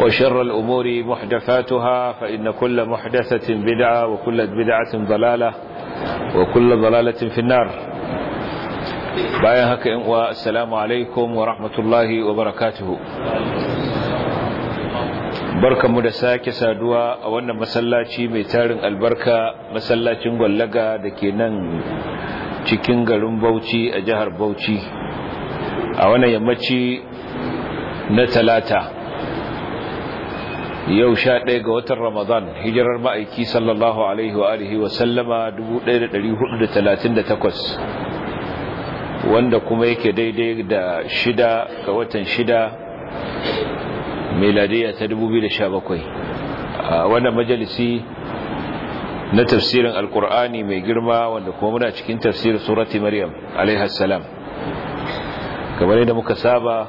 وشر الأمور محدثاتها فإن كل محدثة بدعة وكل بدعة ضلالة وكل ضلالة في النار بايهك والسلام عليكم ورحمة الله وبركاته barkan mu da sake saduwa a wannan masallaci mai tarin albarka masallacin gwallaga da ke nan cikin garin bauchi a jihar bauchi a wannan yammaci na talata yau sha ɗaya ga watan ramadan hijirar ma'aiki sallallahu alaihi wa alihi wa sallama 1438 wanda kuma yake daidai da shida ga watan shida meladiya ta 2017 a wannan majalisi na tafsirin alkur'ani mai girma wanda kuma muna cikin tafsirin surati maryam alaihi salam kamar yadda muka saba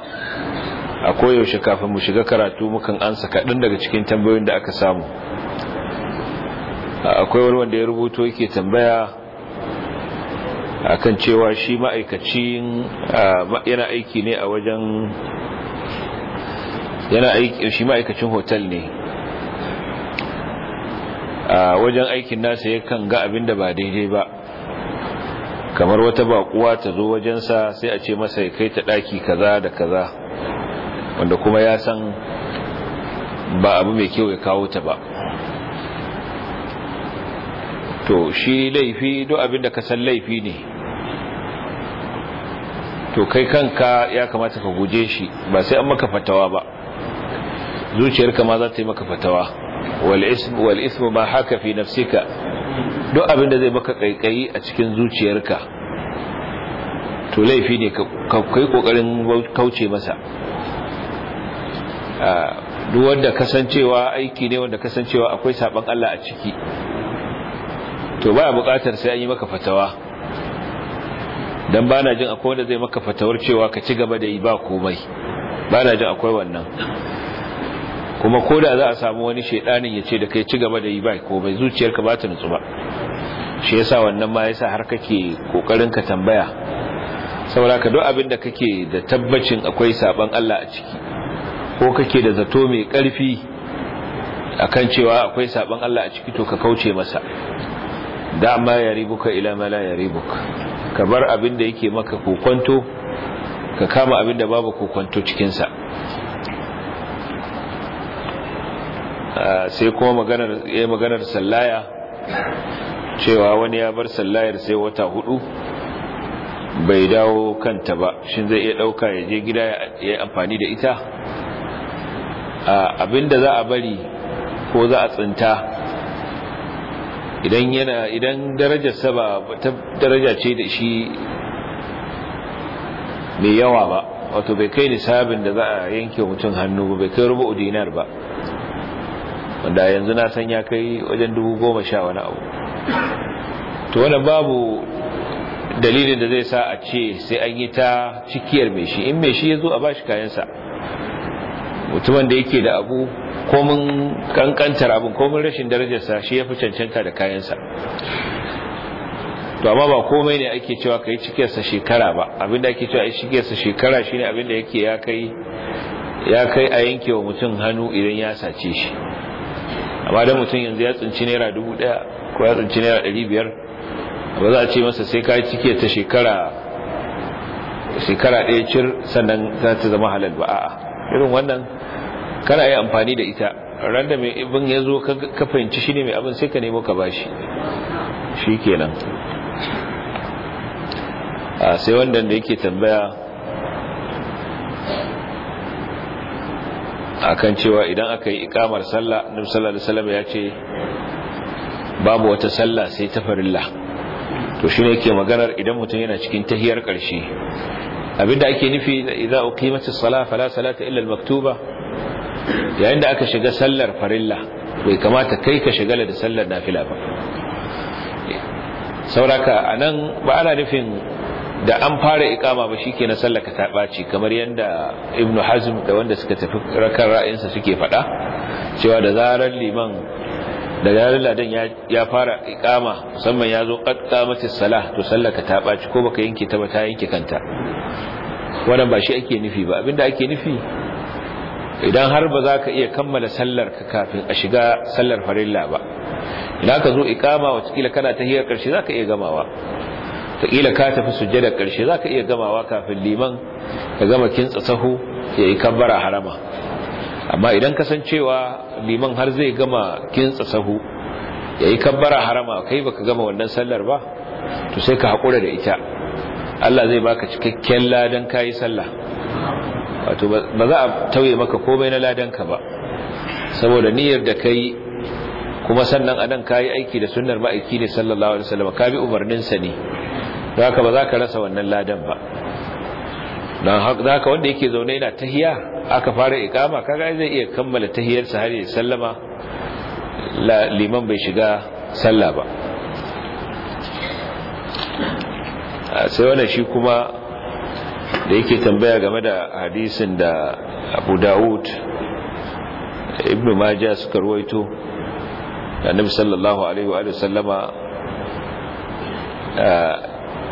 a koyaushe kafin mu shiga karatu mukan ansa kaɗan daga cikin tambayoyin da aka samu akwai wani wanda ya rubuto yake tambaya akan cewa shi ma'aikacin yana aiki ne a wajen yana aiki shi ma'aikacin hotel ne a wajen aikin nasa ya kan ga abin da ba daidai ba kamar wata bakuwa ta zo wajensa sai a ce masa ya kai ta daki kaza da kaza wanda kuma ya san ba abu mai kyau ya kawo ta ba to shi laifi duk abin da ka san laifi ne to kai kanka ya kamata ka guje shi ba sai an maka fatawa ba zuciyarka ma za ta yi maka fatawa wal ismu ma haka fi nafsika duk abin da zai maka kaikayi a cikin zuciyarka to laifi ne ka yi kokarin kauce masa duk wanda kasancewa aiki ne wanda kasancewa akwai sabon Allah a ciki to baya buƙatar sai an yi maka fatawa dan bana jin akwai wanda zai maka fatawar cewa ka ci gaba da yi ba komai bana jin akwai wannan kuma ko da za a samu wani shedanin ya ce da kai ci gaba da yi ba komai zuciyarka ba ta nutsu ba shi yasa wannan ma yasa har kake kokarin ka tambaya saboda ka duk abin da kake da tabbacin akwai sabon Allah a ciki ko kake da zato mai ƙarfi akan cewa akwai sabon Allah a ciki to ka kauce masa dama ya ribuka ila mala ya ribuka ka bar abin da yake maka kokonto ka kama abin da babu kokonto cikin sa ah, sai kuma maganar ya eh, maganar sallaya cewa wani ya bar sallayar sai wata hudu bai dawo kanta ba shin zai iya dauka ya je gida ya amfani da ita abinda za a bari ko za a tsinta idan yana idan darajar ba ta daraja ce da shi mai yawa ba wato bai kai nisabin da za a yanke mutum hannu ba bai kai rubu dinar ba wanda yanzu na san ya kai wajen dubu goma sha wani abu to wani babu dalilin da zai sa a ce sai an yi ta cikiyar mai shi in mai shi ya zo a ba shi kayansa mutumin da yake da abu komin kankantar abin komin rashin darajarsa shi ya fi cancanta da kayansa to amma ba komai ne ake cewa ka yi cikiyarsa shekara ba abin da ake cewa a yi cikiyarsa shekara shine ne yake ya kai ya kai a yanke wa mutum hannu idan ya sace shi amma da mutum yanzu ya tsinci naira dubu daya ko ya tsinci naira dari biyar ba za a ce masa sai ka yi cikiyarta shekara shekara ɗaya cir sannan za ta zama halal ba a'a irin wannan kana yi amfani da ita ran da mai ibin ya zo ka fahimci shi ne mai abin sai ka nemo ka bashi shi kenan a sai wanda da yake tambaya akan cewa idan aka yi ikamar sallah nabi sallallahu da ya ce babu wata sallah sai ta farilla to shine ke maganar idan mutum yana cikin tahiyar ƙarshe abinda ake nufi idza uqimatis salah fala salata illa al-maktuba yayin da aka shiga sallar farilla bai kamata kai ka shigala da sallar nafila ba sauraka anan ba ana nufin da an fara ikama ba shikenan sallar ka ta baci kamar yanda ibnu hazm da wanda suka tafi rakan ra'ayinsa suke fada cewa da zarar liman da zarar ladan ya fara ikama musamman ya zo qad qamatis salah to sallar ka ta baci ko baka yanke ta ba ta yanke kanta wannan ba shi ake nufi ba abinda ake nufi idan har ba za ka iya kammala sallar ka kafin a shiga sallar farilla ba idan ka zo ikama watakila kana ta hiyar karshe za ka iya gamawa watakila ka tafi sujjadar karshe za ka iya gamawa kafin liman ka gama kintsa sahu ya yi kabbara harama amma idan kasancewa liman har zai gama kintsa sahu ya yi kabbara harama kai baka gama wannan sallar ba to sai ka haƙura da ita Allah zai baka cikakken ladan kayi sallah wato ba za a tauye maka komai na ladan ka ba saboda niyyar da kai kuma sannan anan kayi aiki da sunnar ma'aiki ne sallallahu alaihi wasallam ka bi umarnin sa ne ba za ka rasa wannan ladan ba don haka wanda yake zaune yana tahiya aka fara ikama kaga zai iya kammala tahiyarsa har ya sallama liman bai shiga sallah ba sai wannan shi kuma da yake tambaya game da hadisin da abu dawud ibn majah suka ruwaito da annabi sallallahu alaihi wa sallama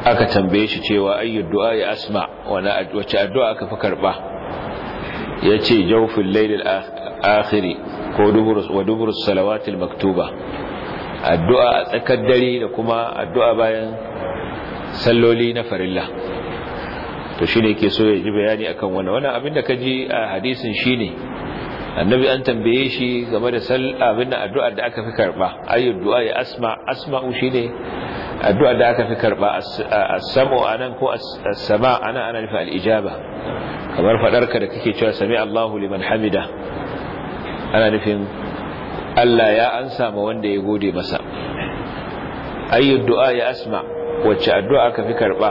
aka tambaye shi cewa ayyud du'a ya asma wacce addu'a aka fi karba yace jawfil laylil akhiri ko dubur wa salawatil maktuba addu'a a tsakar dare da kuma addu'a bayan salloli na farilla to ne ke so ya ji bayani akan wani wani abinda ka ji a hadisin shine annabi an tambaye shi game da abinda da addu'ar da aka fi karba ayyud du'a ya asma asma'u shine addu'ar da aka fi karba as-sam'u nan ko a sama nan ana nufi alijaba kamar faɗarka da kake cewa sami Allahu liman hamida ana nufin Allah ya ansa ma wanda ya gode masa ayyud du'a ya asma wacce addu'a aka fi karba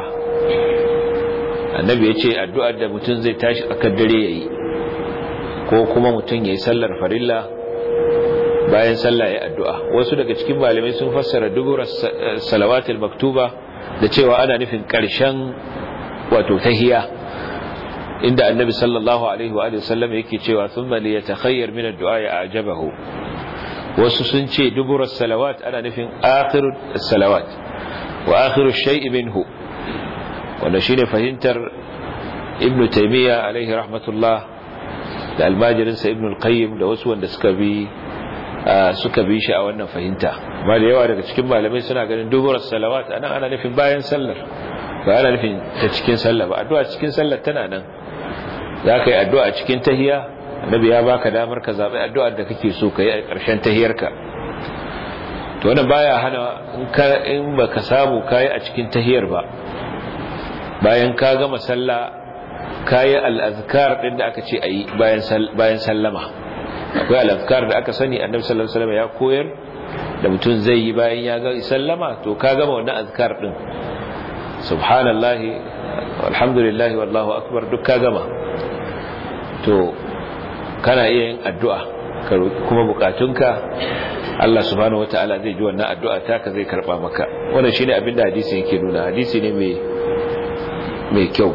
annabi yace addu'ar da mutum zai tashi a kan dare yayi ko kuma mutum yayi sallar farilla bayan sallah ya addu'a wasu daga cikin malamai sun fassara dubura salawatul maktuba da cewa ana nufin ƙarshen wato tahiya inda annabi sallallahu alaihi wa sallam yake cewa thumma li yatakhayyar min ad-du'a ya ajabahu wasu sun ce duburar salawat ana nufin akhirul salawat wa akhirul shay'i minhu wanda shine fahimtar ibn taymiya alaihi rahmatullah da almajirin sa ibn al da wasu wanda suka bi suka bi shi a wannan fahimta amma da yawa daga cikin malamai suna ganin duburar salawat anan ana nufin bayan sallar ba ana nufin ta cikin sallar ba addu'a cikin sallar tana nan za ka yi addu'a cikin tahiya annabi ya baka damar ka zabi addu'ar da kake so kai a ƙarshen tahiyarka to wannan baya hana in ka in baka samu kai a cikin tahiyar ba bayan ka gama sallah kai al-azkar din da aka ce ayi bayan bayan sallama akwai al-azkar da aka sani annabi sallallahu alaihi wasallam ya koyar da mutum zai yi bayan ya ga sallama to ka gama wannan azkar din subhanallahi alhamdulillah wallahu akbar duk ka gama to kana iya yin addu'a ka roki kuma bukatunka Allah subhanahu wataala zai ji wannan addu'a taka zai karɓa maka wannan shine abin da hadisi yake nuna hadisi ne mai mai kyau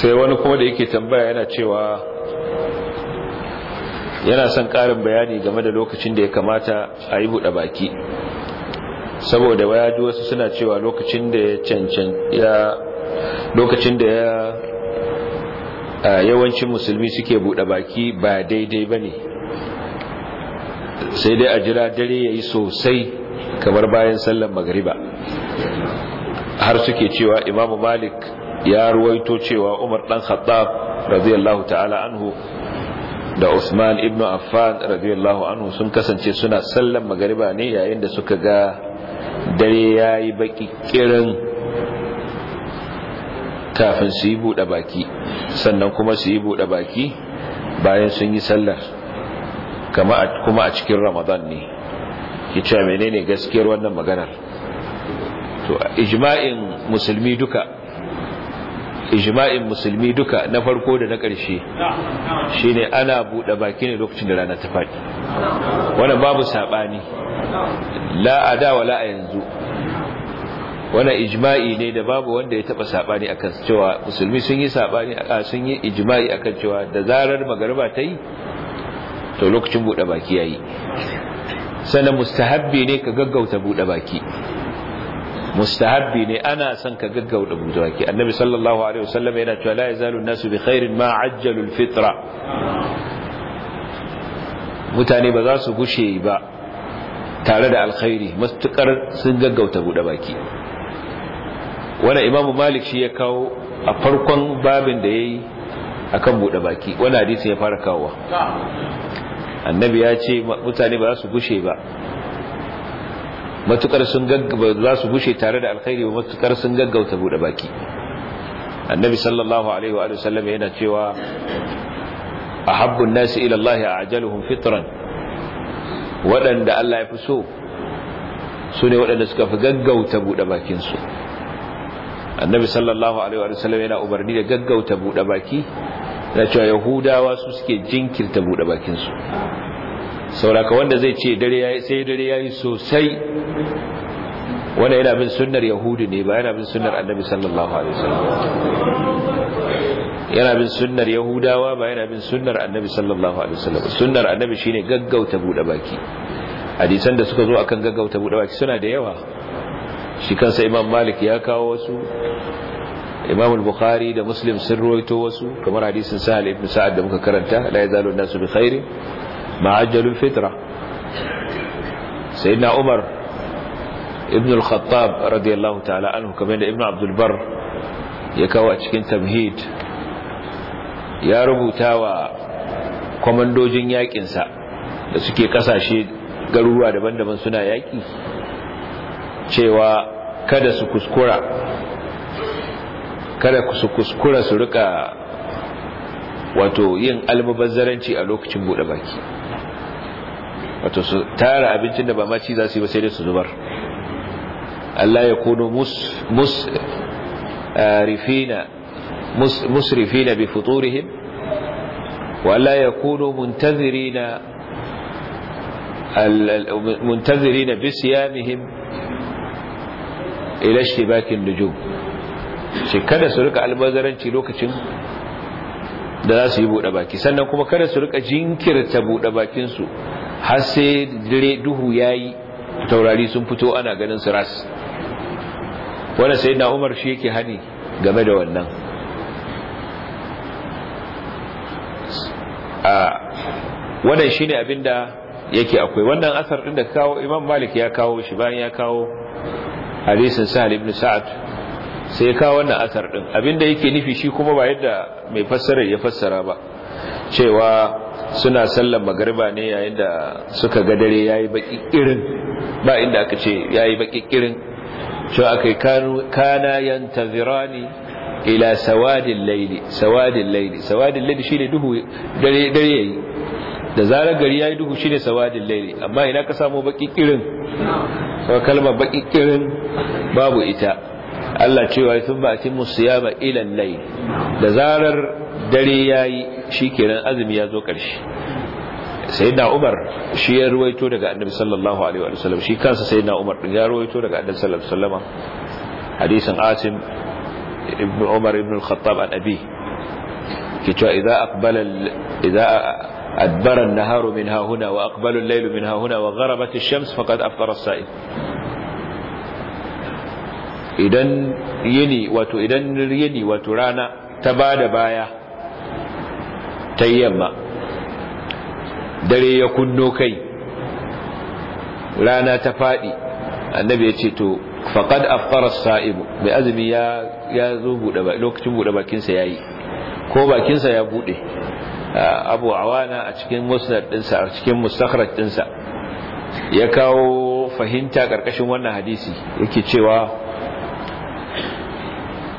sai wani kuma da yake tambaya yana cewa yana son ƙarin bayani game da lokacin da ya kamata a yi buɗe baki saboda waya ji wasu suna cewa lokacin da ya cancan ya lokacin da ya yawancin musulmi suke buɗe baki ba daidai ba ne sai dai a jira dare ya yi sosai kamar bayan sallan magariba har suke cewa imamu malik ya ruwaito cewa umar ɗan khattab radiyallahu ta'ala anhu da Usman ibn Affan radiyallahu anhu sun kasance suna sallan magariba ne yayin da suka ga dare yayi baki kirin kafin su yi bude baki sannan kuma su yi bude baki bayan sun yi sallar kama kuma a cikin Ramadan ne yace menene gaskiyar wannan maganar to ijma'in musulmi duka ijma'in musulmi duka na farko da na ƙarshe shine ana buɗe baki ne lokacin da rana ta faɗi wannan babu saɓani la a da wa la a yanzu wannan ijma'i ne da babu wanda ya taɓa saɓani kan cewa musulmi sun yi saɓani a sun yi ijma'i kan cewa da zarar magarba ta yi to lokacin buɗe baki ya yi sannan mustahabbi ne ka gaggauta buɗe baki mustahabbi ne ana son ka gaggauta buɗe annabi sallallahu alaihi wasallam yana cewa la yazalu nasu bi khairin ma ajjalul fitra mutane ba za su gushe ba tare da alkhairi matukar sun gaggauta buɗe baki wani imamu malik shi ya kawo a farkon babin da ya kan buɗe baki wani hadisi ya fara kawo annabi ya ce mutane ba za su gushe ba matukar sun gaggaba za su bushe tare da alkhairi ba matukar sun gaggauta bude baki annabi sallallahu alaihi wa sallam yana cewa ahabbu an-nasi ila Allah ajaluhum fitran wadanda Allah ya fi so sune ne wadanda suka fi gaggauta bude bakin su annabi sallallahu alaihi wa sallam yana umarni da gaggauta bude baki da cewa yahudawa su suke jinkirta bude bakin su sauraka wanda zai ce dare yi sai dare ya yi sosai wanda yana bin sunar yahudu ne ba yana bin sunar annabi sallallahu alaihi wasallam yana bin sunar yahudawa ba yana bin sunar annabi sallallahu alaihi wasallam sunar annabi shine gaggauta bude baki hadisan da suka zo akan gaggauta bude baki suna da yawa shi kansa imam malik ya kawo wasu imam al-bukhari da muslim sun ruwaito wasu kamar hadisin sahal ibn sa'ad da muka karanta la yazalu an-nasu bi khairin ma'ajjalul fitra sayyidina umar ibn al-khattab radiyallahu ta'ala anhu kamar da ibn abdul bar ya kawo a cikin tamhid ya rubuta wa kwamandojin yaƙinsa da suke kasashe garuruwa daban-daban suna yaƙi cewa kada su kuskura kada su kuskura su rika wato yin almubazzaranci a lokacin buɗe baki wato su tara abincin da ba ma ci za su yi ba sai dai su zubar Allah ya kuno musrifina eh, musrifina bi futurihim wa Allah ya kuno muntazirina muntazirina bi siyamihim ila bakin nujum shi kada su rika albazaranci lokacin da za su yi buɗe baki sannan kuma kada su rika jinkirta buɗe su har sai dare duhu ya yi taurari sun fito ana ganin su ras wanda sai na umar shi yake hani game da wannan wannan shi ne abinda yake akwai wannan asar ɗin da kawo imam malik ya kawo shi bayan ya kawo hadisin sa'ad ibn sa'ad sai ya kawo wannan asar din abinda yake nufi shi kuma ba yadda mai fassara ya fassara ba cewa suna sallan magariba ne yayin da suka ga dare yayi baki irin ba inda aka ce yayi baki irin cewa akai kana yantazirani ila sawadin laili sawadin laili sawadin laili shine duhu dare dare yayi da zarar gari yayi duhu shine sawadin laili amma ina ka samu baki irin so kalmar baki irin babu ita Allah cewa sun ba a cimmu siyama ilan lai da zarar dare ya yi shi kenan azumi ya zo ƙarshe sai na umar shi ya ruwaito daga annabi sallallahu alaihi wa sallam shi kansa sai na umar ya ruwaito daga annabi sallallahu alaihi wa sallama hadisin asim ibn umar ibn al-khattab an abi ke cewa idza aqbala idza adbara an-naharu min hahuna wa aqbala al-laylu min hahuna wa gharabat ash-shams faqad aftara as-sa'im idan yini wato idan yini wato rana ta bada baya ta yamma dare ya kunno kai rana ta fadi annabi ya ce to faqad aftara as-sa'ib mai azumi ya ya zo bude ba lokacin bude bakin sa yayi ko bakin sa ya bude abu awana a cikin musnad sa a cikin mustakhraj ɗinsa ya kawo fahimta karkashin wannan hadisi yake cewa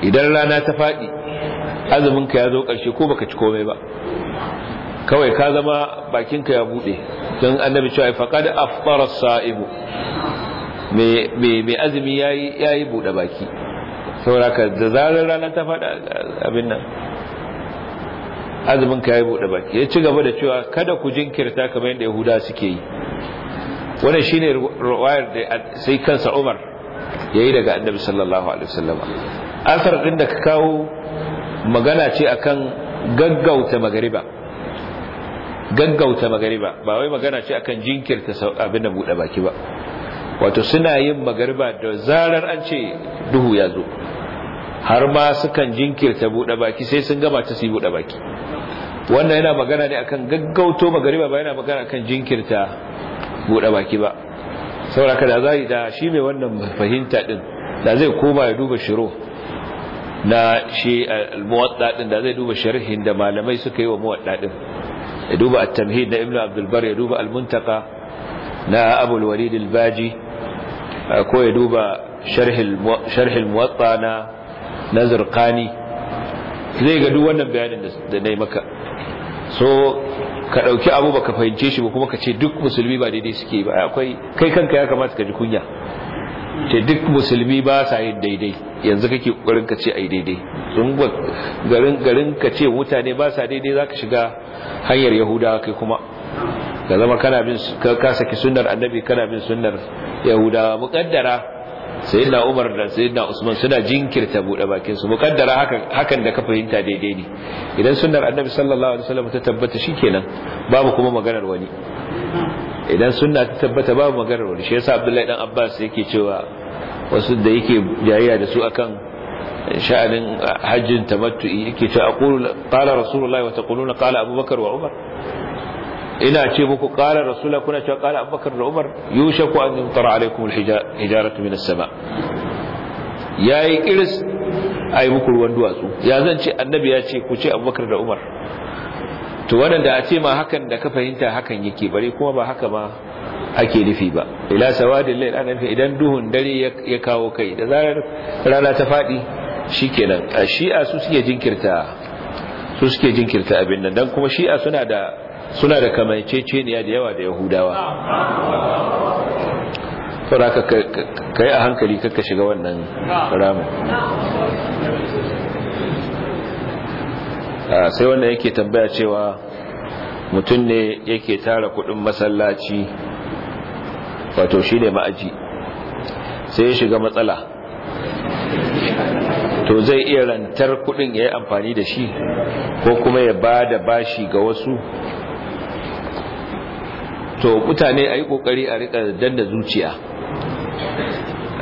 idan rana ta faɗi azuminka ya zo ƙarshe ko baka ci komai ba kawai ka zama bakinka ya buɗe don annabi cewa faqad afṭara as-sa'imu mai azumi ya yi buɗe baki sauraka da zarar rana ta faɗa abin nan azumin ka yi buɗe baki ya ci gaba da cewa kada ku jinkirta kamar yadda yahuda suke yi wannan shine ruwayar da sai kansa umar yayi daga annabi sallallahu alaihi wasallam asar din da ka kawo magana ce akan gaggauta magariba gaggauta magariba ba wai magana ce akan jinkirta abin da buɗe baki ba wato suna yin magariba da zarar an ce duhu ya zo har ma sukan jinkirta buɗe baki sai sun gama ta su bude buɗe baki wannan yana magana ne akan gaggauto magariba ba yana magana akan jinkirta buɗe baki ba saboda kada zai da shi mai wannan fahimta din da zai koma ya duba shiro na shi eh, al muwaddadin da zai duba sharhin da malamai suka yi wa muwaddadin ya duba at-tamhid na ibnu abdul bar ya duba al-muntaka na abu al-walid al-baji eh, ko ya duba sharh al-muwatta na nazir zai ga duk wannan bayanin da nayi maka so ka dauki abu baka fahimce shi ba kuma ka ce duk musulmi ba daidai suke ba akwai kai kanka ya kamata ka ji kunya ce duk musulmi ba sa yin daidai yanzu kake kokarin ka ce ai daidai sun garin garin ka ce mutane ba sa daidai zaka shiga hanyar yahudawa kai kuma ka zama kana bin ka saki sunnar annabi kana bin sunnar yahudawa muqaddara sayyidina Umar da sayyidina Usman suna jinkirta bude bakin su muqaddara hakan hakan da ka fahimta daidai ne idan sunnar annabi sallallahu alaihi wasallam ta tabbata shikenan babu kuma maganar wani idan suna ta tabbata babu maganar wani shi yasa abdullahi dan abbas yake cewa wasu da yake jayayya da su akan sha'anin hajjin tamattu'i yake cewa aqulu qala rasulullahi wa taquluna qala abubakar wa umar ina ce muku qala rasulullah kuna cewa qala abubakar da umar yushaku an yumtara alaikum alhijaratu min as-sama yayi kiris ai muku ruwan duwatsu ya zan ce annabi ya ce ku ce abubakar da umar to wadanda a ce ma hakan da ka fahimta hakan yake bari kuma ba haka ba ake nufi ba ila sawadin lail ana nufi idan duhun dare ya kawo kai da zarar rana ta fadi shikenan a shi'a su suke jinkirta su suke jinkirta abin nan dan kuma shi'a suna da suna da kamanceceniya da yawa da yahudawa saboda ka kai a hankali ka shiga wannan ramu. sai wanda yake tambaya cewa mutum ne yake tara kudin masallaci wato shi ne ma'aji sai ya shiga matsala to zai iya rantar kudin ya yi amfani da shi ko kuma ya ba da bashi ga wasu to mutane a yi kokari a rika danda zuciya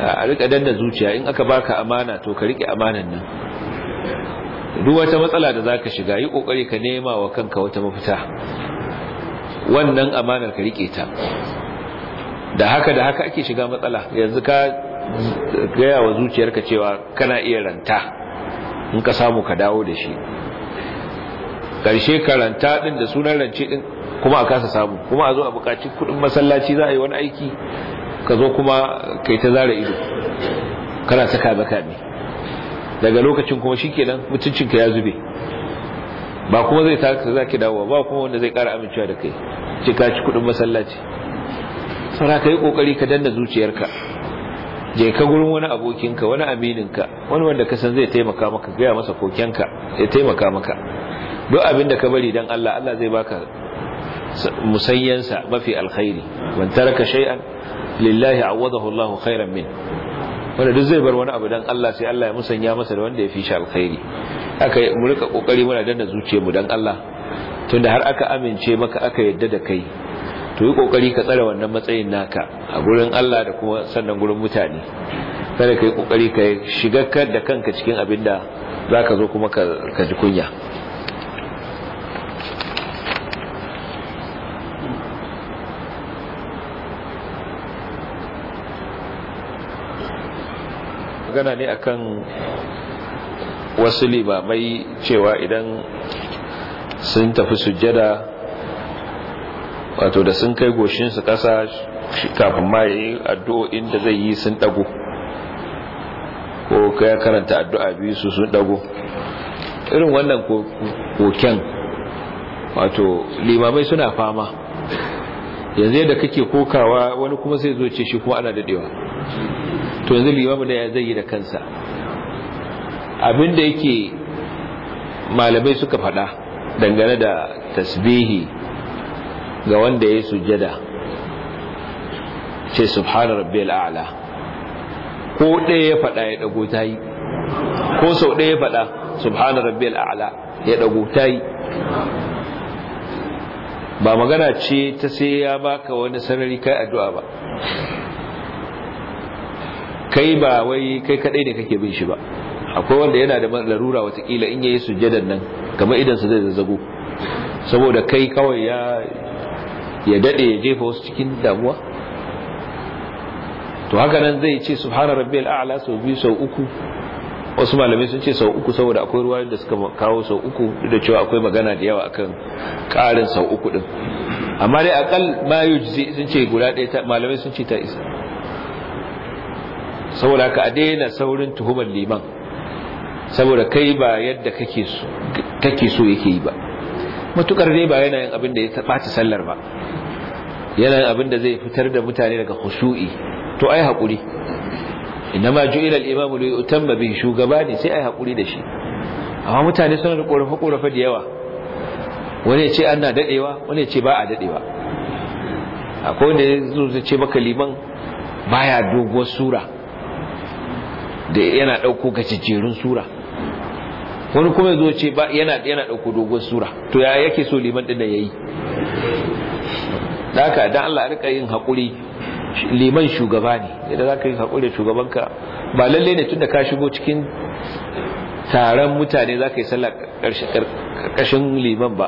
a rika danda zuciya in aka baka amana to ka rike amanan nan duk wata matsala da zaka shiga yi kokari ka nema wa kanka wata mafita wannan amanar ka rike ta da haka da haka ake shiga matsala yanzu ka gaya wa zuciyarka cewa kana iya ranta in ka samu ka dawo da shi karshe karanta din da sunan rance din kuma a kasa samu kuma a zo a bukaci kudin masallaci za a yi wani aiki ka zo kuma kai ta zara ido kana saka baka ne daga lokacin kuma shikenan mutuncinka ya zube ba kuma zai taka zaki dawo ba kuma wanda zai kara amincewa da kai ce ka ci kudin masallaci sara kai kokari ka danna zuciyarka je ka gurin wani abokinka wani amininka wani wanda ka san zai taimaka maka gaya masa kokenka ya taimaka maka duk abin da ka bari dan Allah Allah zai baka musayyansa mafi alkhairi man taraka shay'an lillahi awadahu Allahu khairan min wanda duk zai bar wani abu dan Allah sai Allah ya musanya masa da wanda ya fi shi alkhairi aka mu rika kokari muna danna zuciyarmu dan Allah tunda har aka amince maka aka yadda da kai to yi kokari ka tsare wannan matsayin naka a gurin Allah da kuma sannan gurin mutane kada ka yi kokari ka shiga da kanka cikin abinda zaka zo kuma ka ji kunya magana ne akan wasu limamai cewa idan sun tafi sujjada wato da sun kai goshinsu kasa kafin ma yi addu'o'in da zai yi sun dago ko ya karanta addu'a biyu su sun dago irin wannan koken wato limamai suna fama yanzu yadda kake kokawa wani kuma sai zo ce shi kuma ana dadewa to yanzu limamu ne ya zai yi da kansa abinda yake malamai suka faɗa dangane da tasbihi ga wanda ya sujada ce subhana rabbiyal a'la ko ɗaya ya faɗa ya ɗago ta yi ko sau ɗaya ya faɗa subhana rabbiyal a'la ya ɗago ta yi ba magana ce ta sai ya baka wani sarari kai addu'a ba kai ba wai kai kadai ne kake bin shi ba akwai wanda yana da larura watakila in yayi sujjadan nan kamar idan su zai zazzago saboda kai kawai ya ya dade ya jefa wasu cikin damuwa to haka nan zai ce subhana rabbiyal a'la sau biyu sau uku wasu malamai sun ce sau uku saboda akwai ruwa da suka kawo sau uku da cewa akwai magana da yawa akan karin sau uku din amma dai akal ma yujzi sun ce guda ɗaya malamai sun ce ta isa saboda ka a daina saurin tuhumar liman saboda kai ba yadda kake so yake yi ba matukar dai ba yana yin abin da ya ɓata sallar ba yana abin da zai fitar da mutane daga khushu'i to ai haƙuri ma ju'ila al-imamu li yutamma bihi shugaba ne sai ai haƙuri da shi amma mutane suna da korafa korafa da yawa wani ya ce ana dadewa wani ya ce ba a dadewa akwai wanda ya ce maka liman baya doguwar sura da yana ɗauko gajejjerun sura wani kuma zo ce ba yana yana ɗauko dogon sura to ya yake so liman ɗin da ya yi haka dan Allah rika yin haƙuri liman shugaba ne idan za ka yi haƙuri da shugabanka ba lalle ne tunda ka shigo cikin taron mutane za ka yi sallah ƙarƙashin liman ba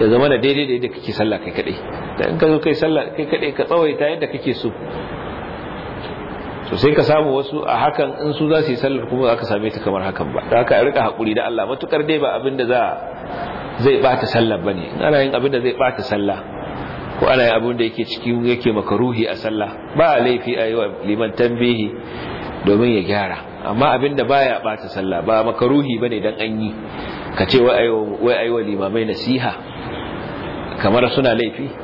ya zama da daidai da yadda kake sallah kai kaɗai dan in ka zo kai sallah kai kaɗai ka tsawaita yadda kake so to sai ka samu wasu a hakan in su za su yi sallar kuma za ka same ta kamar hakan ba da haka rika haƙuri da Allah matukar dai ba abin da zai bata sallar ba ne ana yin abin da zai bata sallah ko ana yin abin da yake ciki yake makaruhi a sallah ba a laifi a yi wa liman tambihi domin ya gyara amma abin da baya bata sallah ba makaruhi bane don an yi ka ce wai ayi wa limamai nasiha kamar suna laifi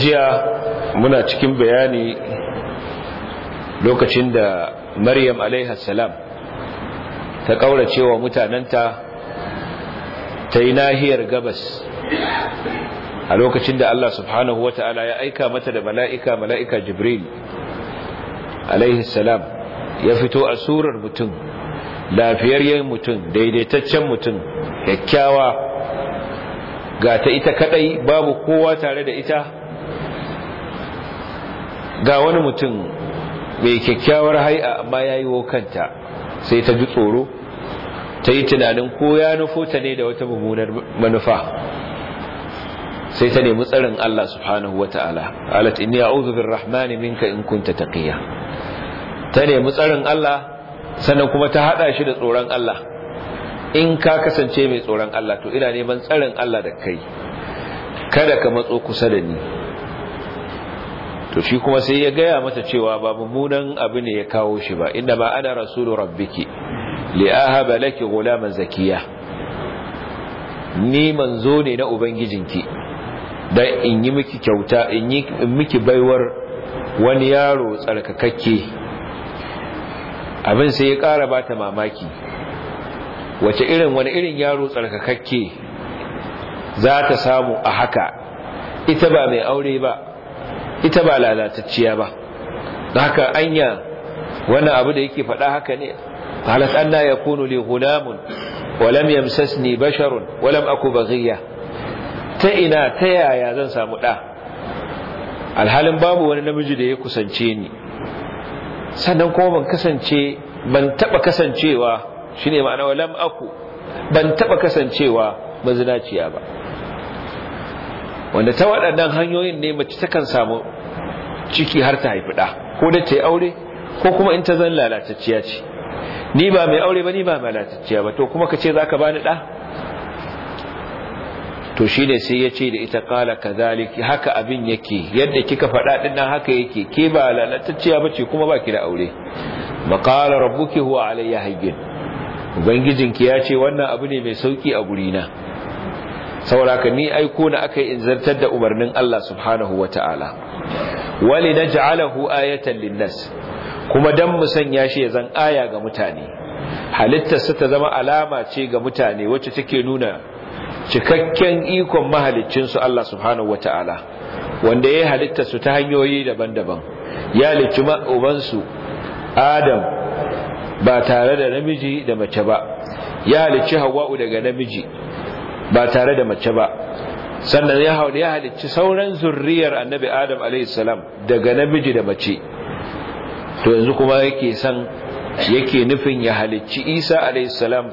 jiya muna cikin bayani lokacin da maryam alaihassalam ta cewa mutanenta ta yi nahiyar gabas a lokacin da Allah subhanahu wa ta'ala ya aika mata da mala'ika mala'ika jibril alaihassalam ya fito a surar mutum yin mutum daidaitaccen mutum kyakkyawa ga ta ita kadai babu kowa tare da ita ga wani mutum mai kyakkyawar hai'a amma ya yi wokanta sai ta ji tsoro ta yi tunanin ko ya nufo ta ne da wata mummunar manufa sai ta nemi tsarin Allah subhanahu wa ta'ala alat inni a'udhu rahmani minka in kunta taqiya ta nemi tsarin Allah sannan kuma ta hada shi da tsoron Allah in ka kasance mai tsoron Allah to ina neman tsarin Allah da kai kada ka matso kusa da ni to shi kuma sai ya gaya mata cewa ba mummunan abu ne ya kawo shi ba inda ba ana rasulun rabbiki li ahaba laki gulaman zakiya ni manzo ne na ubangijinki dan in yi miki kyauta in yi miki baiwar wani yaro tsarkakakke abin sai ya ƙara bata mamaki wace irin wani irin yaro tsarkakakke za ta samu a haka ita ba mai aure ba ita ba lalatacciya ba da haka anya wannan abu da yake faɗa haka ne halas anna ya kunu li gulamun walam yamsasni basharun walam aku baghiya ta ina ta yaya zan samu ɗa alhalin babu wani namiji da ya kusance ni sannan kuma ban kasance ban taɓa kasancewa shine ma'ana walam aku ban taɓa kasancewa mazinaciya ba wanda ta waɗannan hanyoyin ne mace takan samu ciki har ta haifi ɗa ko da ta yi aure ko kuma in ta zan lalatacciya ce ni ba mai aure ba ni ba lalatacciya ba to kuma ka ce za ka bani ɗa to shi ne sai ya ce da ita kala kazaliki haka abin yake yadda kika faɗa ɗin nan haka yake ke ba lalatacciya ba ce kuma ba ki da aure maƙala ki huwa alayya hayyin ubangijinki ya ce wannan abu ne mai sauki a gurina saboda ni aiko na aka zartar da umarnin Allah subhanahu wataala wali naj'alahu ayatan linnas kuma dan mu sanya shi ya zan aya ga mutane sa ta zama alama ce ga mutane wacce take nuna cikakken ikon mahaliccinsu Allah subhanahu wataala wanda ya halitta su ta hanyoyi daban-daban ya halicci ubansu Adam ba tare da namiji da mace ba ya halicci hawa'u daga namiji ba tare da mace ba sannan ya halicci sauran zurriyar annabi adam alaihissalam daga namiji da mace to yanzu kuma yake san yake nufin ya halicci isa alaihissalam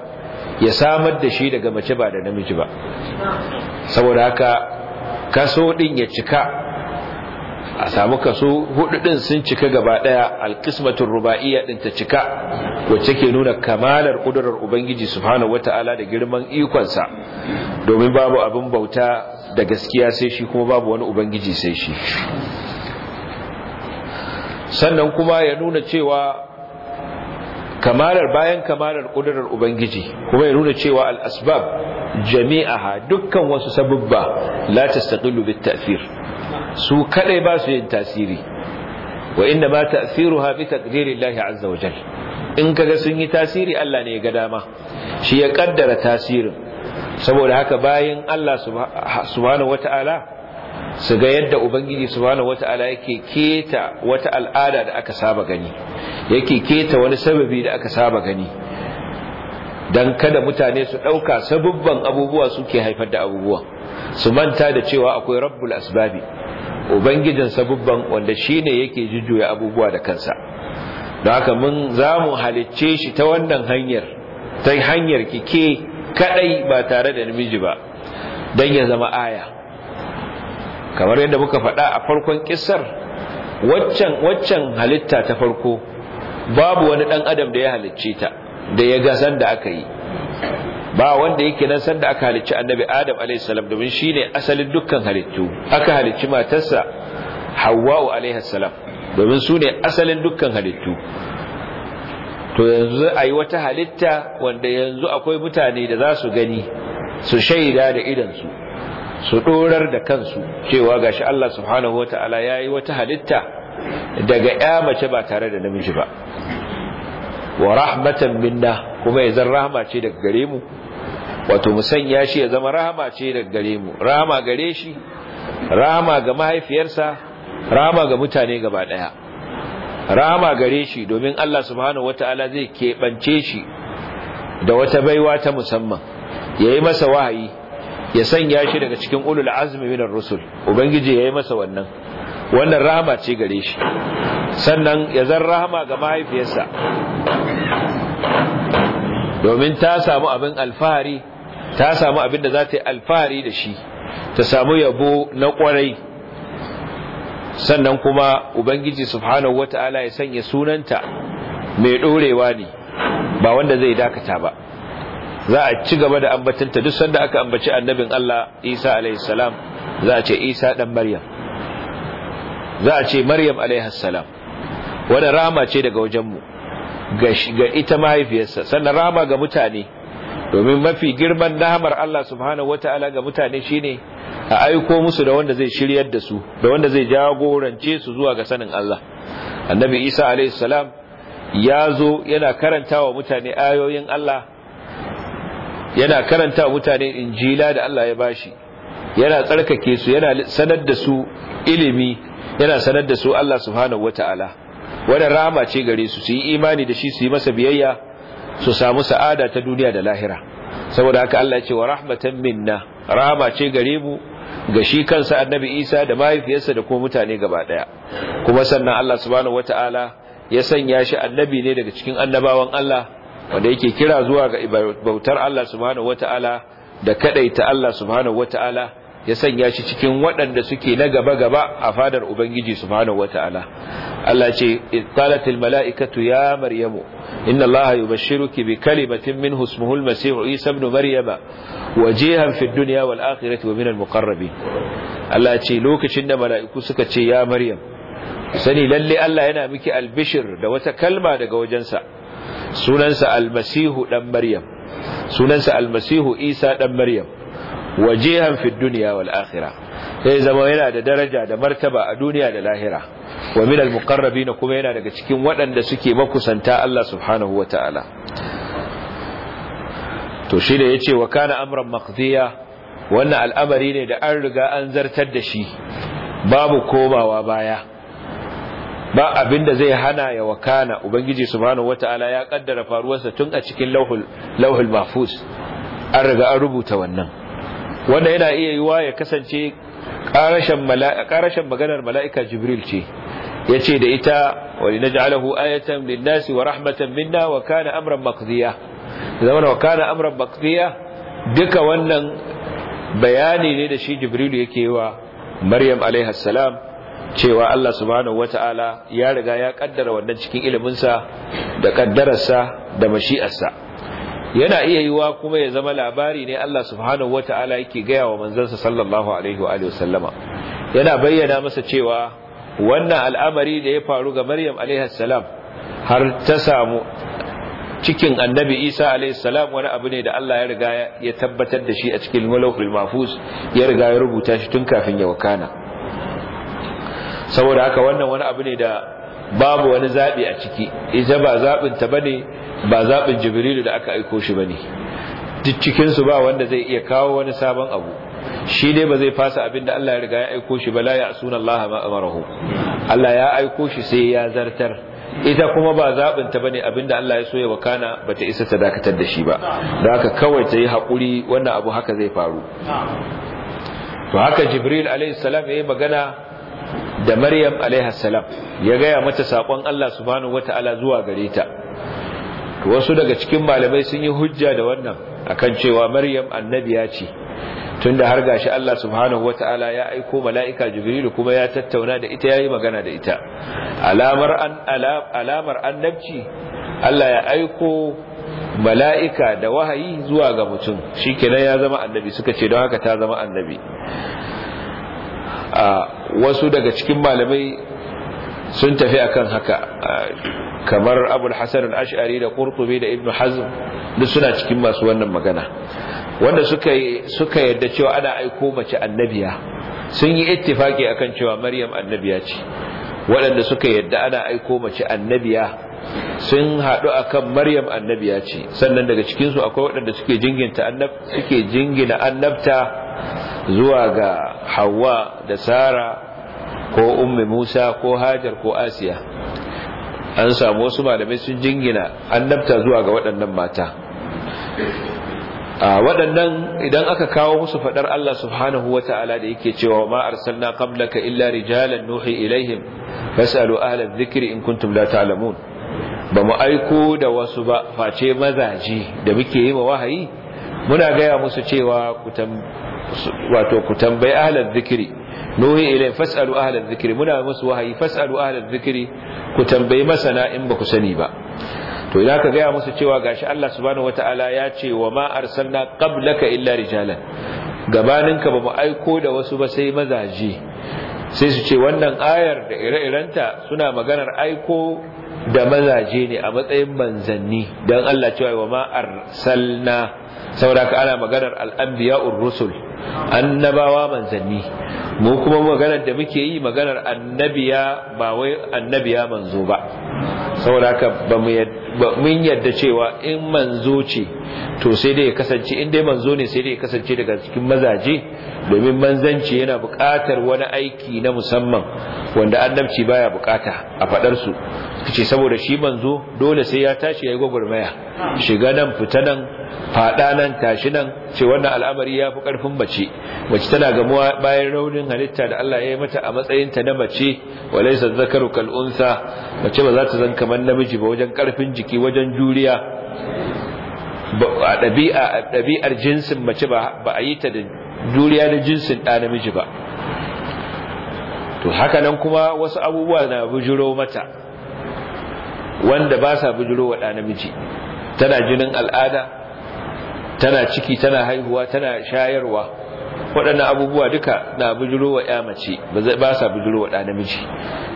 ya samar da shi daga mace ba da namiji ba saboda haka kaso din ya cika a samu kaso hudu din sun cika gaba daya alqismatur ruba'iyya din ta cika wacce ke nuna kamalar kudurar ubangiji subhanahu wataala da girman ikon sa domin babu abin bauta da gaskiya sai shi kuma babu wani ubangiji sai shi sannan kuma ya nuna cewa kamalar bayan kamalar kudurar ubangiji kuma ya nuna cewa al-asbab jami'aha dukkan wasu sababba la tastaqilu bit ta'thir su kadai ba su yin tasiri wa inda ma ta'siruha bi taqdirillahi azza wajal in kaga sun yi tasiri Allah ne ya ga dama shi ya kaddara tasirin saboda haka bayan Allah subhanahu wata'ala su ga yadda ubangiji subhanahu wata'ala yake keta wata al'ada da aka saba gani yake keta wani sababi da aka saba gani don kada mutane su ɗauka sabubban abubuwa suke haifar da abubuwa su manta da cewa akwai rabbul asbabi ubangijin sabubban wanda shine yake jujjuya abubuwa da kansa don haka mun za mu halicce shi ta wannan hanyar ta hanyar kike kadai ba tare da namiji ba don ya zama aya kamar yadda muka faɗa a farkon kisar waccan waccan halitta ta farko babu wani ɗan adam da ya halicce ta da ya ga sanda aka yi ba wanda yake nan sanda aka halicci annabi adam alaihi salam domin shine asalin dukkan halittu aka halicci matarsa hawwa'u alaihi salam domin su ne asalin dukkan halittu to yanzu yi wata halitta wanda yanzu akwai mutane da za su gani su shaida da idansu su ɗorar da kansu cewa gashi Allah subhanahu wataala yayi wata halitta daga ya mace ba tare da namiji ba wa rahmatan minna kuma ya zan rahama ce daga gare mu wato mu sanya shi ya zama rahama ce daga gare mu rahama gare shi rahama ga mahaifiyarsa rahama ga mutane gaba daya rahama gare shi domin Allah subhanahu wataala zai keɓance shi da wata baiwa ta musamman yayi masa wahayi ya sanya shi daga cikin ulul azmi minar rusul ubangiji ya yi masa wannan wannan rahama ce gare shi sannan ya zan rahama ga mahaifiyarsa domin ta samu abin alfahari ta samu abin da za ta yi alfahari da shi ta samu yabo na kwarai sannan kuma ubangiji subhanahu wata'ala ya sanya sunanta mai dorewa ne ba wanda zai dakata ba za a ci gaba da ambatinta duk sanda aka ambaci annabin Allah Isa alaihi salam za a ce Isa dan Maryam za a ce maryam alaihis salam wani rama ce daga wajenmu ga ita mahaifiyarsa sannan rama ga mutane domin mafi girman namar Allah subhanahu wata'ala ga mutane shine a aiko musu da wanda zai shiryar da su da wanda zai jagorance su zuwa ga sanin Allah annabi isa alaihis salam ya zo yana karantawa mutane ayoyin Allah yana karantawa mutane injila da Allah ya bashi yana tsarkake su yana sanar da su ilimi yana sanar da su Allah subhanahu wataala wannan rahama ce gare su su yi imani da shi su yi masa biyayya su samu sa'ada ta duniya da lahira saboda haka Allah ya ce wa rahmatan minna rahama ce gare mu ga shi kansa annabi Isa da mahaifiyarsa da kuma mutane gaba daya kuma sannan Allah subhanahu wataala ya sanya shi annabi ne daga cikin annabawan Allah wanda yake kira zuwa ga bautar Allah subhanahu wataala da kadaita Allah subhanahu wataala ya sanya shi cikin waɗanda suke na gaba-gaba a fadar Ubangiji subhanahu wata'ala Allah ce qalatil mala'ikatu ya maryamu inna Allaha yubashshiruki bi kalimatin minhu ismuhu al Isa ibn maryama wajihan fid duniya wal akhirati wa minal Allah ce lokacin da mala'iku suka ce ya maryam sani lalle Allah yana miki albishir da wata kalma daga wajensa sunansa almasihu maryam sunansa almasihu Isa dan maryam wajihan fi duniya wal akhirah sai zama yana da daraja da martaba a duniya da lahira wa min al muqarrabin kuma yana daga cikin waɗanda suke makusanta Allah subhanahu wataala to shi da yace wa kana amran maqdiya wannan al'amari ne da an riga an zartar da shi babu komawa baya ba abinda zai hana ya wakana ubangiji subhanahu wataala ya kaddara faruwansa tun a cikin lauhul lauhul mahfuz an riga an rubuta wannan wanda yana iya yiwa ya kasance karashin maganar mala'ika jibril ce ya ce da ita wani na ja'alahu ayatan linnasi wa rahmatan minna wa kana amran makziya zama wa kana amran makziya duka wannan bayani ne da shi jibril yake yi wa maryam alaihassalam cewa Allah subhanahu wata'ala ya riga ya kaddara wannan cikin iliminsa da kaddararsa da mashi'arsa yana iya yiwa kuma ya zama labari ne Allah subhanahu wata'ala yake gaya wa manzansa sallallahu alaihi wa alihi wasallama yana bayyana masa cewa wannan al'amari da ya faru ga Maryam alaihi salam har ta samu cikin annabi Isa alaihi salam wani abu ne da Allah ya riga ya tabbatar da shi a cikin malakul mahfuz ya riga ya rubuta shi tun kafin ya wakana saboda haka wannan wani abu ne da babu wani zabi a ciki ita ba zabin ta bane ba zaɓin jibrilu da aka aiko shi ba ne duk cikinsu ba wanda zai iya kawo wani sabon abu shi ne ba zai fasa abin da Allah ya riga ya aiko shi ba la ya sunan Allah ma amarahu Allah ya aiko shi sai ya zartar ita kuma ba zaɓin ta bane abin da Allah ya so ya wakana ta isa ta dakatar da shi ba da haka kawai ta yi haƙuri wannan abu haka zai faru to haka jibril alaihi salam yi magana da Maryam alaihi salam ya gaya mata saƙon Allah subhanahu wataala zuwa gare ta wasu daga cikin malamai sun yi hujja da wannan akan cewa maryam annabiya ce tunda har gashi Allah subhanahu wataala ya aiko mala'ika jibril kuma ya tattauna da ita yayi magana da ita alamar an alamar annabci Allah ya aiko mala'ika da wahayi zuwa ga mutum shikenan ya zama annabi suka ce don haka ta zama annabi a wasu daga cikin malamai sun tafi akan haka kamar abul hasan al-ash'ari da qurtubi da ibnu hazm duk suna cikin masu wannan magana wanda suka suka yarda cewa ana aiko mace annabiya sun yi ittifaki akan cewa maryam annabiya ce waɗanda suka yadda ana aiko mace annabiya sun haɗu akan maryam annabiya ce sannan daga cikinsu akwai waɗanda suke jinginta annab suke jingina annabta zuwa ga Hauwa da sara ko ummi musa ko hajar ko asiya an samu wasu malamai sun jingina annabta zuwa ga waɗannan mata a waɗannan idan aka kawo musu faɗar Allah subhanahu wa ta'ala da yake cewa ma arsalna qablaka illa rijalan nuhi ilaihim fasalu ahla dhikri in kuntum la ta'lamun ba mu aiko da wasu ba face mazaji da muke yi wa wahayi muna gaya musu cewa ku wato ku tambayi ahla dhikri nuhi ilai fas'alu ahlal dhikri muna musu wahayi fas'alu ahlal dhikri ku tambayi masana in ba ku sani ba to idan ka gaya musu cewa gashi Allah subhanahu wataala ya ce wa ma arsalna qablaka illa rijalan Gabanin ba bamu aiko da wasu ba sai mazaje sai su ce wannan ayar da ire-irenta suna maganar aiko da mazaje ne a matsayin manzanni don Allah cewa wa ma arsalna saboda ana maganar al'anbiya'ur rusul annabawa manzanni mu kuma maganar da muke yi maganar annabiya ba wai annabiya manzo ba saboda ka ba mu mun yarda cewa in manzo ce to sai dai ya kasance in dai manzo ne sai dai ya kasance daga cikin mazaje domin manzanci yana buƙatar wani aiki na musamman wanda annabci baya buƙata a fadar su kace saboda shi manzo dole sai ya tashi yayi gwagwarmaya shiga nan fita nan fada nan tashi nan ce wannan al'amari ya fi karfin mace mace tana gamuwa bayan raunin halitta da Allah ya yi mata a matsayin ta na mace walaysa zakaru kal unsa mace ba za ta zan kamar namiji ba wajen karfin jiki ciki wajen juriya a ɗabi'ar jinsin mace ba a yi ta da juriya da jinsin ɗa namiji ba to haka nan kuma wasu abubuwa na bujiro mata wanda ba sa bujiro wa ɗa namiji tana jinin al'ada tana ciki tana haihuwa tana shayarwa waɗannan abubuwa duka na bujiro wa ya mace ba sa bujiro wa ɗa namiji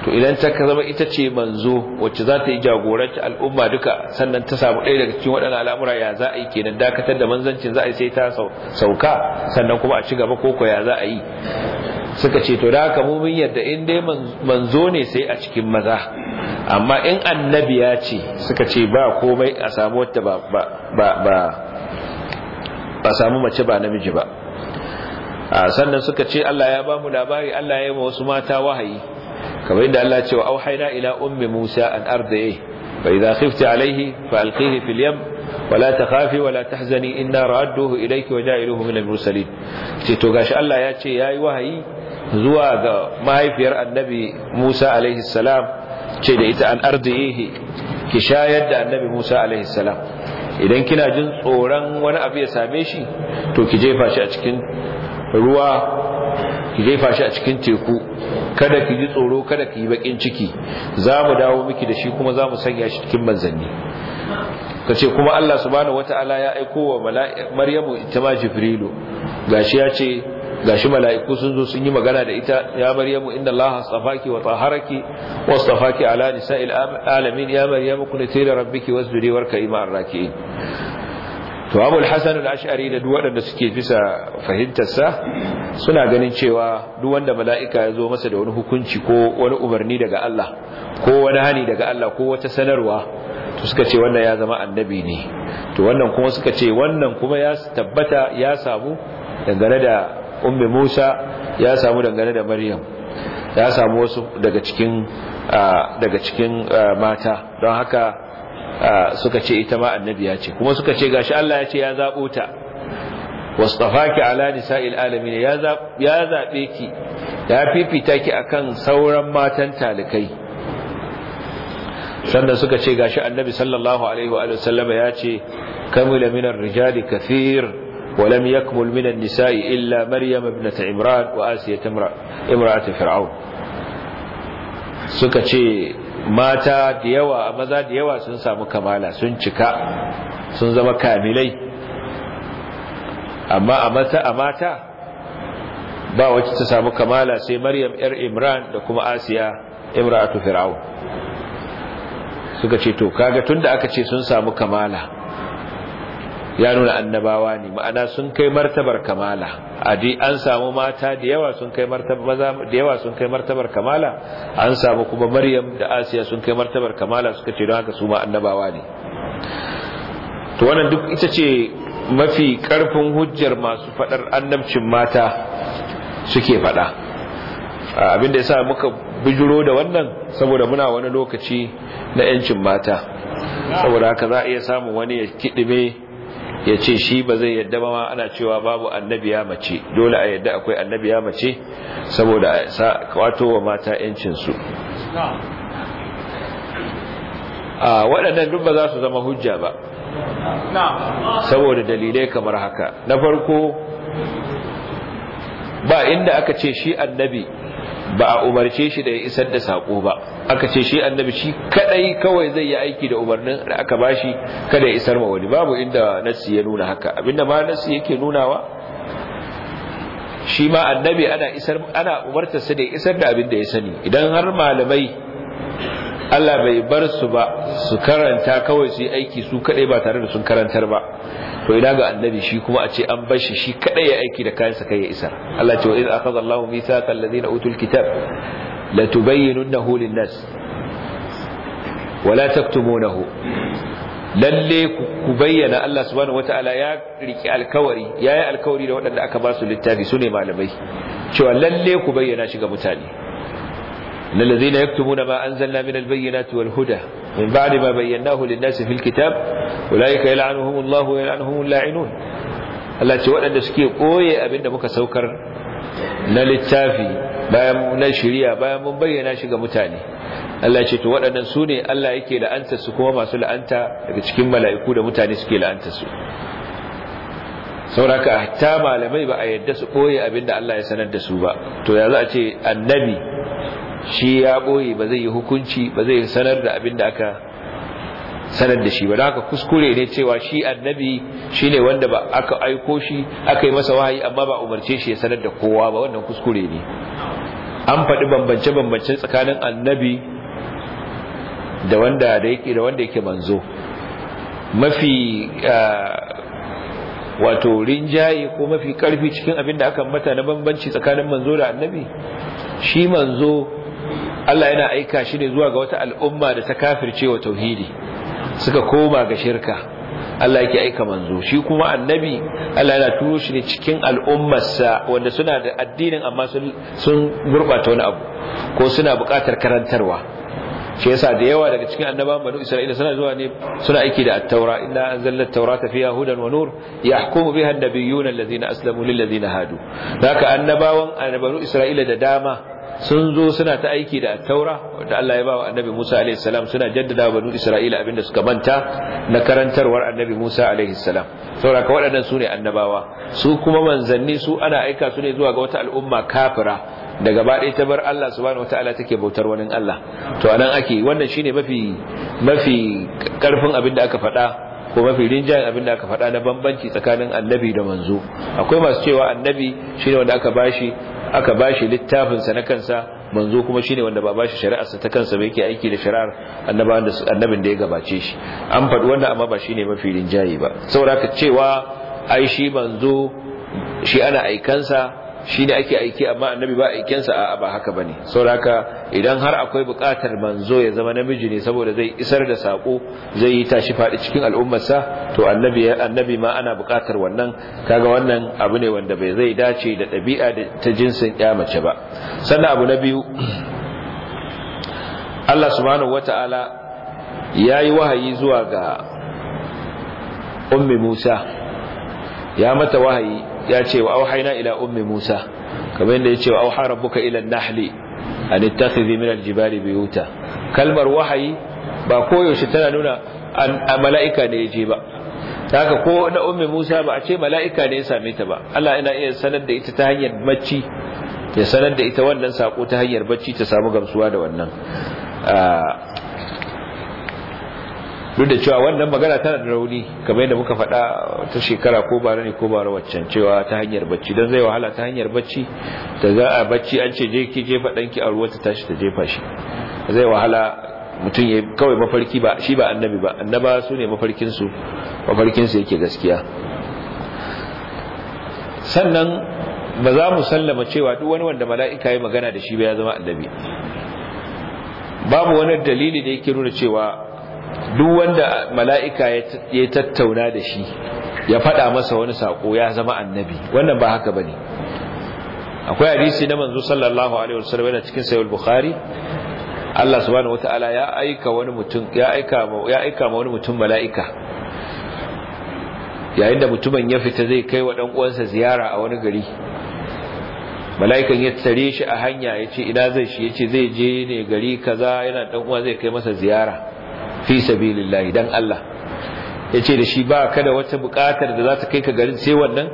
to idan ta zama ita ce manzo wacce za ta yi jagoranci al'umma duka sannan ta samu ɗaya daga cikin waɗannan al'amura ya za a yi kenan dakatar da manzancin za a yi sai ta sauka sannan kuma a ci gaba koko ya za a yi suka ce to da haka mumin yadda in dai manzo ne sai a cikin maza amma in annabiya ce suka ce ba komai a samu wata ba ba ba ba samu mace ba namiji ba sannan suka ce Allah ya ba mu labari Allah ya yi wa wasu mata wahayi kamar yadda Allah ce wa auhayna ila ummi Musa an ardaye fa idza khifti alayhi fa alqihi fil yam wa la takhafi wa la tahzani inna radduhu ilayki wa ja'iluhu min al-mursalin ce to gashi Allah ya ce yayi wahayi zuwa ga mahaifiyar annabi Musa alayhi salam ce da ita an ardaye ki shayar da annabi Musa alayhi salam idan kina jin tsoron wani abu ya same shi to ki jefa shi a cikin ruwa ki jefa shi a cikin teku kada ki ji tsoro kada ki yi bakin ciki za mu dawo miki da shi kuma za mu sanya shi cikin manzanni ka ce kuma Allah subhanahu Ta'ala ya aiko wa maryamu ita ma jibrilu gashi ya ce gashi mala'iku sun zo sun yi magana da ita ya maryamu inna allaha astafaki wa taharaki wa astafaki ala nisa'il alamin ya maryamu kunti li rabbiki warka'i ma'ar to abu alhassan al’ashari ashari da duk waɗanda suke bisa fahimtarsa suna ganin cewa duk wanda mala'ika ya zo masa da wani hukunci ko wani umarni daga Allah ko wani hani daga Allah ko wata sanarwa to suka ce wannan ya zama annabi ne to wannan kuma suka ce wannan kuma ya tabbata ya samu dangane da ummi Musa ya samu dangane da Maryam ya samu wasu daga cikin mata don haka Ah, suka ce ita ma annabi ya ce kuma suka ce gashi Allah ya ce ya zabo ta wasfafaki ala nisa'il alamin ya ya zabe ki ya fifita ki akan sauran matan talikai sannan suka ce gashi annabi sallallahu alaihi wa sallama ya ce kamila minar rijali kathir ولم يكمل من النساء إلا مريم ابنة عمران وآسية suka ce mata da yawa maza da yawa sun samu kamala sun cika sun zama kamilai amma a mata a mata ba wacce ta samu kamala sai maryam yar imran da kuma asiya imratu fir'aun suka ce to kaga tunda aka ce sun samu kamala ya nuna annabawa ne ma'ana sun kai martabar kamala adi an samu mata da yawa sun kai martabar maza da yawa sun kai martabar kamala an samu kuma maryam da asiya sun kai martabar kamala suka ce don haka su ma annabawa ne to wannan duk ita ce mafi karfin hujjar masu fadar annabcin mata suke fada abinda yasa muka bijiro da wannan saboda muna wani lokaci na yancin mata saboda haka za a iya samun wani ya kiɗime ya ce shi ba zai yadda ba ma ana cewa babu annabiya mace dole a yadda akwai annabiya mace saboda a kwato wa mata yancinsu a waɗannan duk ba za su zama hujja ba saboda dalilai kamar haka na farko ba inda aka ce shi annabi ba a umarce shi da ya isar da sako ba aka ce shi annabi shi kadai kawai zai yi aiki da umarnin da aka bashi kada ya isar ma wani babu inda nassi ya nuna haka abinda ma nassi yake nunawa shi ma annabi ana isar ana umartar sa da isar da abin da ya sani idan har malamai Allah bai bar su ba su karanta kawai su yi aiki su kadai ba tare da sun karantar ba to ina ga annabi shi kuma a ce an bar shi shi kadai ya aiki da kayansa kai ya isa Allah ce wa idh akhadha Allahu mithaqal ladina utul kitab la tubayyinunahu lin nas wa taktumunahu lalle ku bayyana Allah subhanahu wataala ya riki alkawari yi alkawari da waɗanda aka ba su littafi malamai cewa lalle ku bayyana shi ga mutane إن الذين يكتمون ما أنزلنا من البينات والهدى من بعد ما بيناه للناس في الكتاب أولئك يلعنهم الله ويلعنهم اللاعنون Allah ce waɗanda suke ɓoye abinda muka saukar na littafi bayan na shirya bayan mun bayyana shi ga mutane Allah ce to waɗannan su ne Allah yake la'anta su kuma masu la'anta daga cikin mala'iku da mutane suke la'anta su sauraka hatta malamai ba a yadda su ɓoye abinda Allah ya sanar da su ba to ya za a ce annabi shi ya boye ba zai yi hukunci ba zai sanar da abin da aka sanar da shi ba haka kuskure ne cewa shi annabi shine wanda ba aka aiko shi aka yi masa wahayi amma ba umarce shi ya sanar da kowa ba wannan kuskure ne an faɗi bambance bambance tsakanin annabi da wanda da yake da wanda yake manzo mafi wato rinjaye ko mafi karfi cikin abin da aka mata na bambanci tsakanin manzo da annabi shi manzo Allah yana aika shi ne zuwa ga wata al'umma da ta kafirce wa tauhidi suka koma ga shirka Allah yake aika manzo shi kuma annabi Allah yana turo shi ne cikin al'ummarsa wanda suna da addinin amma sun gurbata wani abu ko suna buƙatar karantarwa shi yasa da yawa daga cikin annabawan banu isra'ila suna zuwa ne suna aiki da at-taura inna anzalna at-taurata fiha hudan wa nur yahkumu biha an-nabiyyuna allazina aslamu lil ladzina hadu haka annabawan eh, banu isra'ila da dama sun zo suna ta aiki da taura wanda Allah ya bawa annabi Musa alaihi salam suna jaddada banu Isra'ila abinda suka manta na karantarwar annabi Musa alaihi salam saboda ka waɗannan su ne annabawa su kuma manzanni su ana aika su ne zuwa ga wata al'umma kafira da gaba ɗaya ta bar Allah subhanahu wataala take bautar wani Allah to anan ake wannan shine mafi mafi karfin abin da aka faɗa ko mafi rinjayen abin da aka faɗa na bambanci tsakanin annabi da manzo akwai masu cewa annabi shine wanda aka bashi aka bashi littafin sa na kansa manzo kuma shine wanda ba bashi shari'ar sa ta kansa ba yake aiki da shari'ar annabawan da annabin da ya gabace shi an faɗi wannan amma ba shine mafi rinjaye ba saboda ka cewa ai shi manzo shi ana aikansa shi ne ake aiki amma annabi ba aikensa a'a ba haka bane saboda idan har akwai buƙatar manzo ya zama namiji ne saboda zai isar da sako zai yi tashi faɗi cikin al'ummarsa to annabi annabi ma ana buƙatar wannan kaga wannan abu ne wanda bai zai dace da ɗabi'a ta jinsin ya mace ba sannan abu na biyu Allah subhanahu wata'ala ya yi wahayi zuwa ga ummi Musa ya mata wahayi ya ce wa auhaina ila ummi Musa kamar yadda ya ce wa auha rabbuka ila nahli an ittakhidhi min aljibali buyuta kalmar wahayi ba koyaushe tana nuna an mala'ika ne je ba haka ko na ummi Musa ba a ce mala'ika ne ya same ta ba Allah ina iya sanar da ita ta hanyar bacci ya sanar da ita wannan sako ta hanyar bacci ta samu gamsuwa da wannan ah, duk da cewa wannan magana tana da rauni kamar yadda muka faɗa ta shekara ko bara ne ko bara waccan cewa ta hanyar bacci don zai wahala ta hanyar bacci da za a bacci an ce je ki jefa ɗanki a ruwa ta tashi ta jefa shi zai wahala mutum ya kawai mafarki ba shi ba annabi ba annaba su ne mafarkinsu mafarkinsu yake gaskiya sannan ba za mu sallama cewa duk wani wanda mala'ika ya magana da shi ba ya zama annabi babu wani dalili da yake nuna cewa duk wanda mala'ika ya tattauna da shi ya faɗa masa wani sako ya zama annabi wannan ba haka ba ne. akwai hadisi na manzo sallallahu alaihi wasallam yana cikin sahih bukhari Allah subhanahu wataala ya aika wani mutum ya aika ya aika ma wani mutum mala'ika yayin da mutumin ya fita zai kai wa dan uwansa ziyara a wani gari mala'ikan ya tsare shi a hanya yace ina zai shi yace zai je ne gari kaza yana dan uwa zai kai masa ziyara fi sabilillah dan Allah yace da shi ba ka da wata bukatar da za ta kai ka garin sai wannan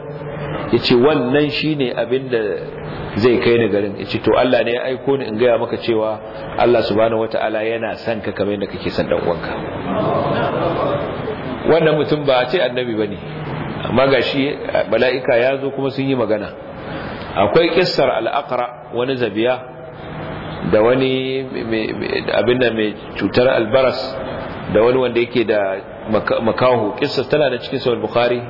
yace wannan shine abin da zai kai ni garin yace to Allah ne ya aiko ni in gaya maka cewa Allah subhanahu wataala yana son ka kamar yadda kake son dan uwanka wannan mutum ba a ce annabi bane amma gashi mala'ika ya zo kuma sun yi magana akwai kissar al-aqra wani zabiya da wani abin mai cutar albaras da wani wanda yake da makahu kissa tana da cikin sahih bukhari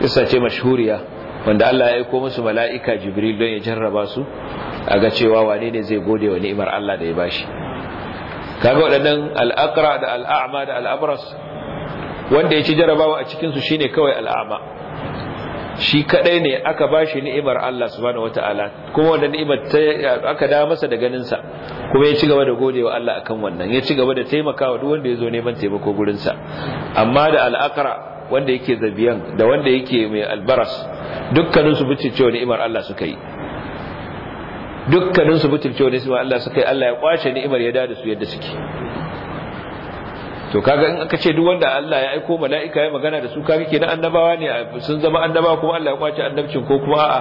kissa ce mashhuriya wanda Allah ya aika musu mala'ika jibril don ya jarraba su a ga cewa wane ne zai gode wa ni'imar Allah da ya bashi kaga waɗannan aqra da al'a'ma da al-abras wanda ya ci jarrabawa a cikin su shine kawai al'a'ma shi kadai ne aka ba shi ni'imar Allah subhanahu wataala kuma wannan ni'imar ta aka da masa da ganin sa kuma ya ci gaba da godewa Allah akan wannan ya ci gaba da taimakawa duk wanda ya zo neman taimako gurin sa amma da al'akara wanda yake zabiyan da wanda yake mai albaras dukkanin su bice cewa ni'imar Allah suka yi dukkanin su bice cewa ni'imar Allah suka yi Allah ya kwace ni'imar ya da su yadda suke to kaga in aka ce duk wanda Allah ya aiko mala'ika ya magana da su kaga kenan annabawa ne sun zama annabawa kuma Allah ya kwace annabcin ko kuma a'a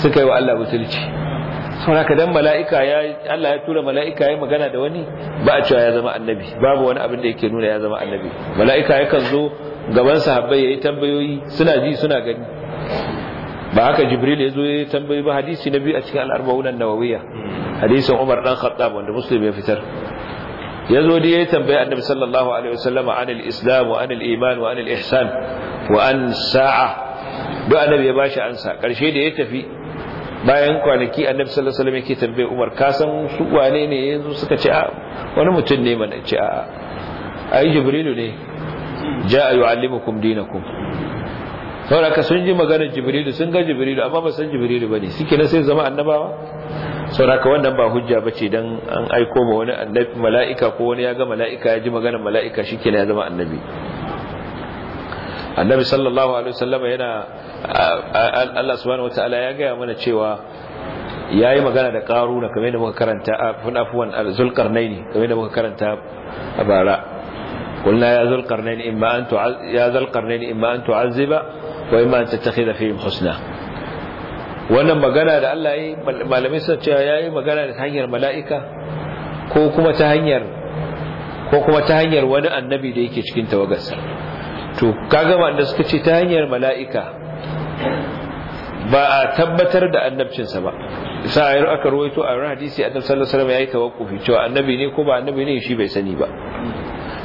suka yi wa Allah butulci saboda ka dan mala'ika ya Allah ya tura mala'ika ya magana da wani ba a cewa ya zama annabi babu wani abin da yake nuna ya zama annabi mala'ika ya kan zo gaban sahabbai yayi tambayoyi suna ji suna gani ba haka jibril ya zo ya tambayi ba hadisi na a cikin an-nawawiyya hadisin umar dan khattab wanda muslim ya fitar ya zo da ya tambaye annabi sallallahu alaihi wasallam anil islam wa anil iman wa anil ihsan wa an sa'a duk annabi ya bashi ansa karshe da ya tafi bayan kwanaki annabi sallallahu alaihi wasallam yake tambaye Umar ka san su wane ne yanzu suka ce a wani mutum ne mana ce a ai jibrilu ne ja'a yu'allimukum dinakum saboda ka sun ji maganar jibrilu sun ga jibrilu amma ba san jibrilu bane suke na sai zama annabawa sauraka wannan ba hujja ba ce don an aiko ma wani mala'ika ko wani ya ga mala'ika ya ji magana mala'ika shi ya zama annabi annabi sallallahu alaihi wasallama yana Allah subhanahu wataala ya gaya mana cewa ya yi magana da ƙaru na kame da muka karanta a funafuwan ne kame da muka karanta a bara قلنا يا ذو القرنين إما أن تعذب وإما أن تتخذ فيهم husna wannan magana da Allah yi malamai sun ce yi magana da hanyar mala'ika ko kuma ta hanyar wani annabi da yake cikin tawagarsa to kaga wanda suka ce ta hanyar mala'ika ba a tabbatar da annabcinsa ba sa ayar aka ruwaito a yi hadisi annabi sallallahu alaihi ya yi tawakufi cewa annabi ne ko ba annabi ne shi bai sani ba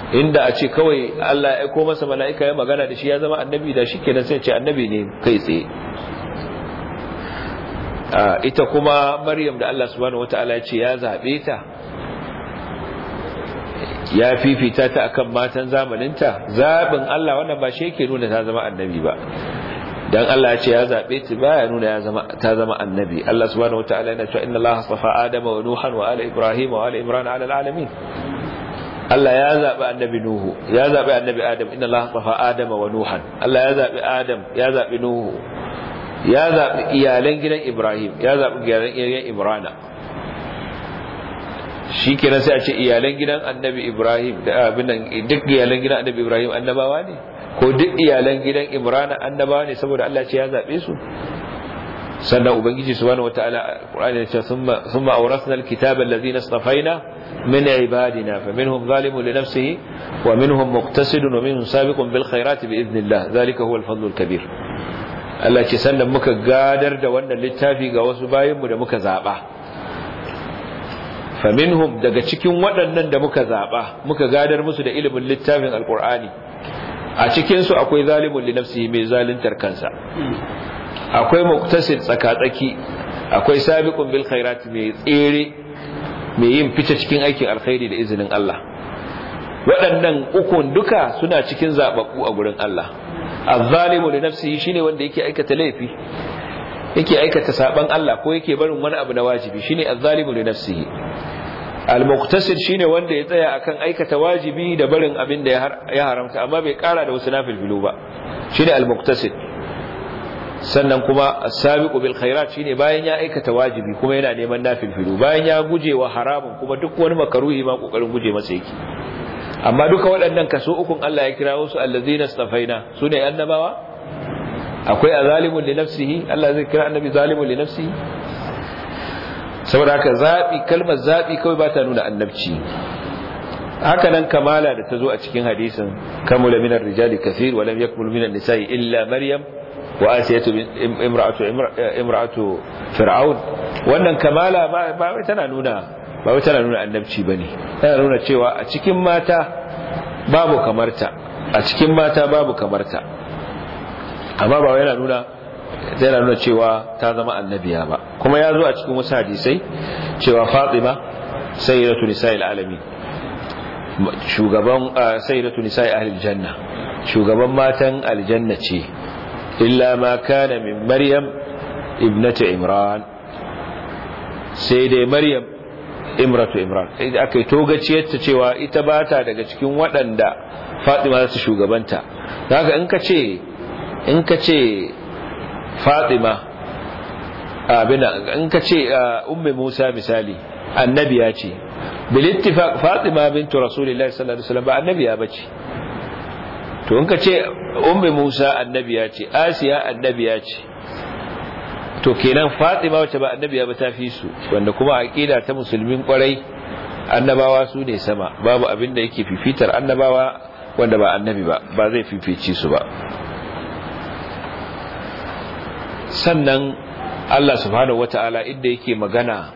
inda a ce kawai Allah ya aiko masa mala'ika ya magana da shi ya zama annabi da shi kenan sai ce annabi ne kai tsaye ita kuma maryam da Allah subhanahu wataala ya ce ya zabe ta ya fifita ta akan matan zamaninta zabin Allah wannan ba shi yake nuna ta zama annabi ba dan Allah ya ce ya zabe ta baya nuna ya zama ta zama annabi Allah subhanahu wataala yana cewa inna Allah safa adama wa nuhan wa ala ibrahim wa ala imran ala alamin Allah ya zabi annabi nuhu ya zabi annabi adam inna Allah safa adama wa nuhan Allah ya zabi adam ya zabi nuhu ya zaɓi iyalan gidan ibrahim ya zaɓi iyalan gidan imrana shi kenan sai a ce iyalan gidan annabi ibrahim da duk iyalan gidan annabi ibrahim annabawa ne ko duk iyalan gidan imrana annabawa ne saboda allah ce ya zaɓe su sannan ubangiji subhanahu wataala qur'ani ya ce thumma thumma awrasna alkitaba alladhina min ibadina faminhum zalimun li nafsihi wa minhum muqtasidun wa minhum sabiqun bil khairati bi idhnillah dhalika huwa al kabir Allah ce sannan muka gadar da wannan littafi ga wasu bayinmu da muka zaɓa faminhum daga cikin waɗannan da muka zaɓa muka gadar musu da ilimin littafin alƙur'ani a cikinsu akwai zalimin linafsi mai zalintar kansa akwai muktasin tsakatsaki akwai sabiqun bil mai tsere mai yin fice cikin aikin alkhairi da izinin Allah waɗannan ukun duka suna cikin zaɓaɓɓu a gurin Allah azzalimu li nafsihi shine wanda yake aikata laifi yake aikata saban Allah ko yake barin wani abu na wajibi shine azzalimu li nafsihi al shine wanda ya tsaya akan aikata wajibi da barin abin da ya haramta amma bai kara da wasu bilu ba shine al sannan kuma asabiqu bil khairat shine bayan ya aikata wajibi kuma yana neman bilu bayan ya guje wa haramun kuma duk wani makaruhi ma kokarin guje masa yake amma duka waɗannan kaso ukun Allah ya kirawo su allazina stafaina ne annabawa akwai a azalimun li nafsihi Allah zai kira annabi zalimun li nafsihi saboda haka zabi kalmar zabi kawai ba ta nuna annabci haka nan kamala da ta zo a cikin hadisin kamula minar rijali kathir wa lam yakmul minan nisa'i illa maryam wa asiyatu imra'atu imra'atu fir'aun wannan kamala ba tana nuna ba wai tana nuna annabci ba ne tana nuna cewa a cikin mata babu kamarta a cikin mata babu kamarta amma ba yana nuna yana nuna cewa ta zama annabiya ba kuma ya zo a cikin wasu hadisai cewa Fatima sayyidatu nisa'il alami shugaban sayyidatu nisa'i ahlil janna shugaban matan aljanna ce illa ma kana min maryam ibnati imran sai dai maryam imratu imran sai da aka yi togaciyar cewa ita ba ta daga cikin waɗanda fatima za su shugabanta haka in ka ce in ka ce fatima abin in ka ce ummi musa misali annabiya ce bil ittifaq fatima bintu rasulillahi sallallahu alaihi wasallam ba annabiya bace to in ka ce ummi musa annabiya ce asiya annabiya ce to kenan fatima wacce ba annabiya ba ta fi su wanda kuma aqida ta musulmin kwarai annabawa su ne sama babu abin da yake fifitar annabawa wanda ba annabi ba ba zai fifici su ba sannan Allah subhanahu wataala inda yake magana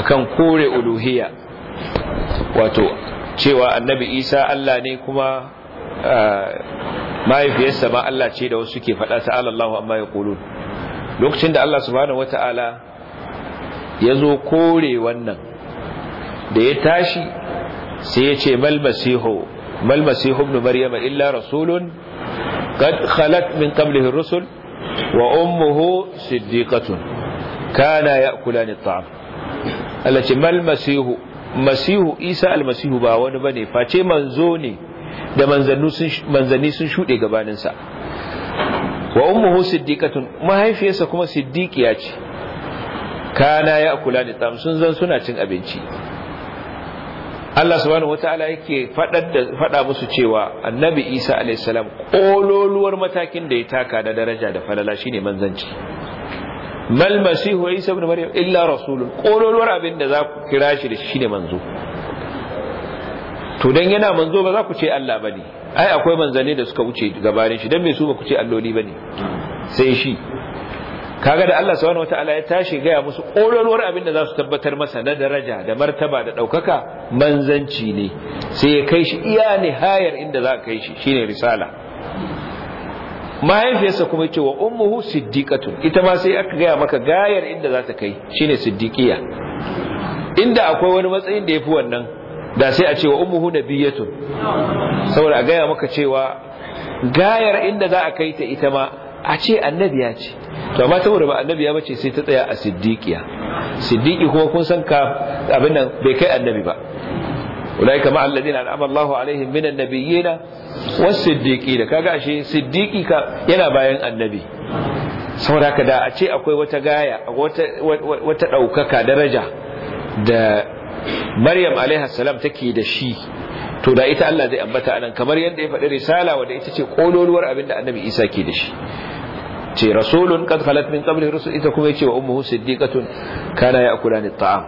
akan kore uluhiyya wato cewa annabi Isa Allah ne kuma eh, mahaifiyarsa ma Allah ce da wasu ke faɗa ta Allahu amma yaqulun lokacin da Allah subhanahu wataala ya zo kore wannan da ya tashi sai ya ce mal masihu mal ibn maryama illa rasulun qad khalat min qablihi rusul wa ummuhu siddiqatun kana ya'kulani at'am Allah ce mal masihu isa almasihu ba wani bane face manzo ne da manzanni sun shuɗe gabaninsa wa ummuhu siddiqatun mahaifiyarsa kuma siddiqiya ce kana ya kula da tam sun zan suna cin abinci Allah subhanahu wataala yake fadar da fada musu cewa annabi Isa alayhi salam kololuwar matakin da ya taka da daraja da falala shine manzanci mal masihu isa ibn maryam illa rasulun kololuwar abin da za ku kira shi da shine manzo to dan yana manzo ba za ku ce Allah bane ai akwai manzanni da suka wuce gabanin shi dan me su ba ku ce alloli bane sai shi kaga da Allah subhanahu wataala ya tashi gaya musu ƙololuwar abin da za su tabbatar masa na daraja da martaba da ɗaukaka manzanci ne sai ya kai shi iya nihayar inda za a kai shi shine risala mahaifiyarsa kuma ce wa ummuhu siddiqatun ita ma sai aka gaya maka gayar inda za ta kai shine siddiqiya inda akwai wani matsayin da ya fi wannan da sai a ce wa ummuhu nabiyatun saboda a gaya maka cewa gayar inda za a kai ta ita ma a ce annabiya ce to amma saboda ba annabiya bace sai ta tsaya a siddiqiya siddiqi kuma kun san ka abin nan bai kai annabi ba ulai kama alladhina an'ama Allahu alaihim minan nabiyina was da kaga ashe siddiqi ka yana bayan annabi saboda haka da a ce akwai wata gaya wata wata daukaka daraja da maryam alaiha salam take da shi to da ita Allah zai ambata anan kamar yadda ya faɗi risala wanda ita ce kololuwar abin da annabi isa ke da shi ce rasulun qad khalat min qabli rusul ita kuma yace wa ummuhu siddiqatun kana ni at'am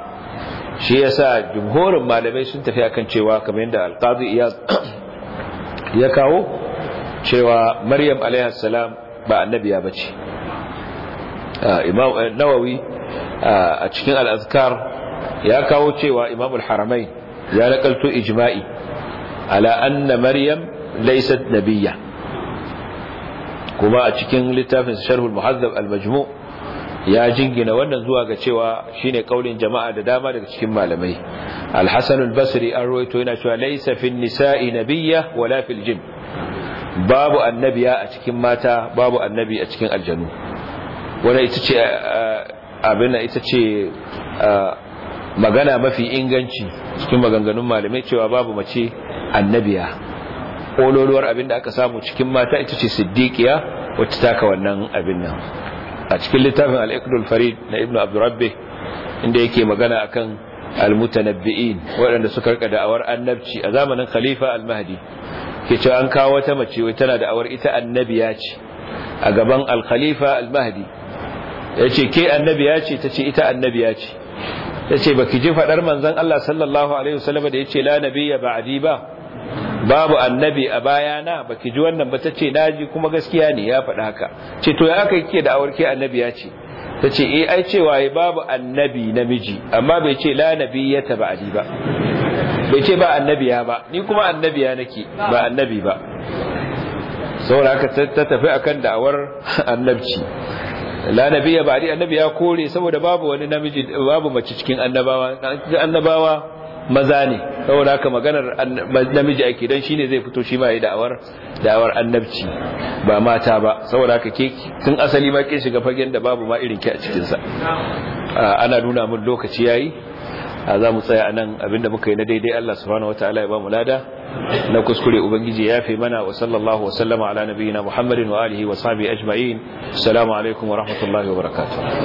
shi yasa jumhurin malamai sun tafi akan cewa kamar yadda alqazi iyaz ya kawo cewa maryam alaiha salam ba annabiya bace ah, imam eh, nawawi ah, a cikin al-azkar ya kawo cewa imamul haramai ya nakalto ijma'i ala anna maryam laysat nabiyya kuma a cikin littafin sharhul muhazzab Almajmu ya jingina wannan zuwa ga cewa shine kaulin jama'a da dama daga cikin malamai al basri an ruwaito yana cewa laysa fin nisa'i nabiyya wala fil babu annabiya a cikin mata babu annabi a cikin aljanu wannan ita ce abin ita ce magana mafi inganci cikin maganganun malamai cewa babu mace annabiya ƙololuwar abin da aka samu cikin mata ita ce siddiƙiya wacce taka wannan abin nan a cikin littafin al'ikdul farid na Ibnu abdurrabbe inda yake magana akan almutanabbi'in waɗanda suka rika da'awar annabci a zamanin khalifa al-mahdi ke cewa an kawo wata mace wai tana da'awar ita annabiya ce a gaban al-khalifa al-mahdi ya ce ke annabiya ce ta ce ita annabiya ce ba baki ji faɗar manzon Allah sallallahu alaihi wasallam da yace la nabiyya ba'di ba babu annabi a bayana ki ji wannan ba tace naji kuma gaskiya ne ya faɗa haka ce to ya aka yake da awarki annabi ya ce tace eh ai cewa ai babu annabi namiji amma bai ce la nabiyyata ba'di ba bai ce ba annabiya ba ni kuma annabiya nake ba annabi ba saboda haka ta tafi akan da'awar annabci la nabiyya ba'di annabi ya kore saboda babu wani namiji babu mace cikin annabawa annabawa maza ne saboda haka maganar namiji ake dan shine zai fito shi ma yayi da'awar da'awar annabci ba mata ba saboda haka ke tun asali ma ke shiga fagen da babu ma irin ki a cikin sa ana nuna mun lokaci yayi za mu tsaya a nan abinda muka yi na daidai Allah subhanahu wataala ya ba mu lada na kuskure ubangiji ya fi mana wa sallallahu wa sallama ala nabiyina muhammadin wa alihi wa sahbihi ajma'in assalamu alaikum wa rahmatullahi wa barakatuh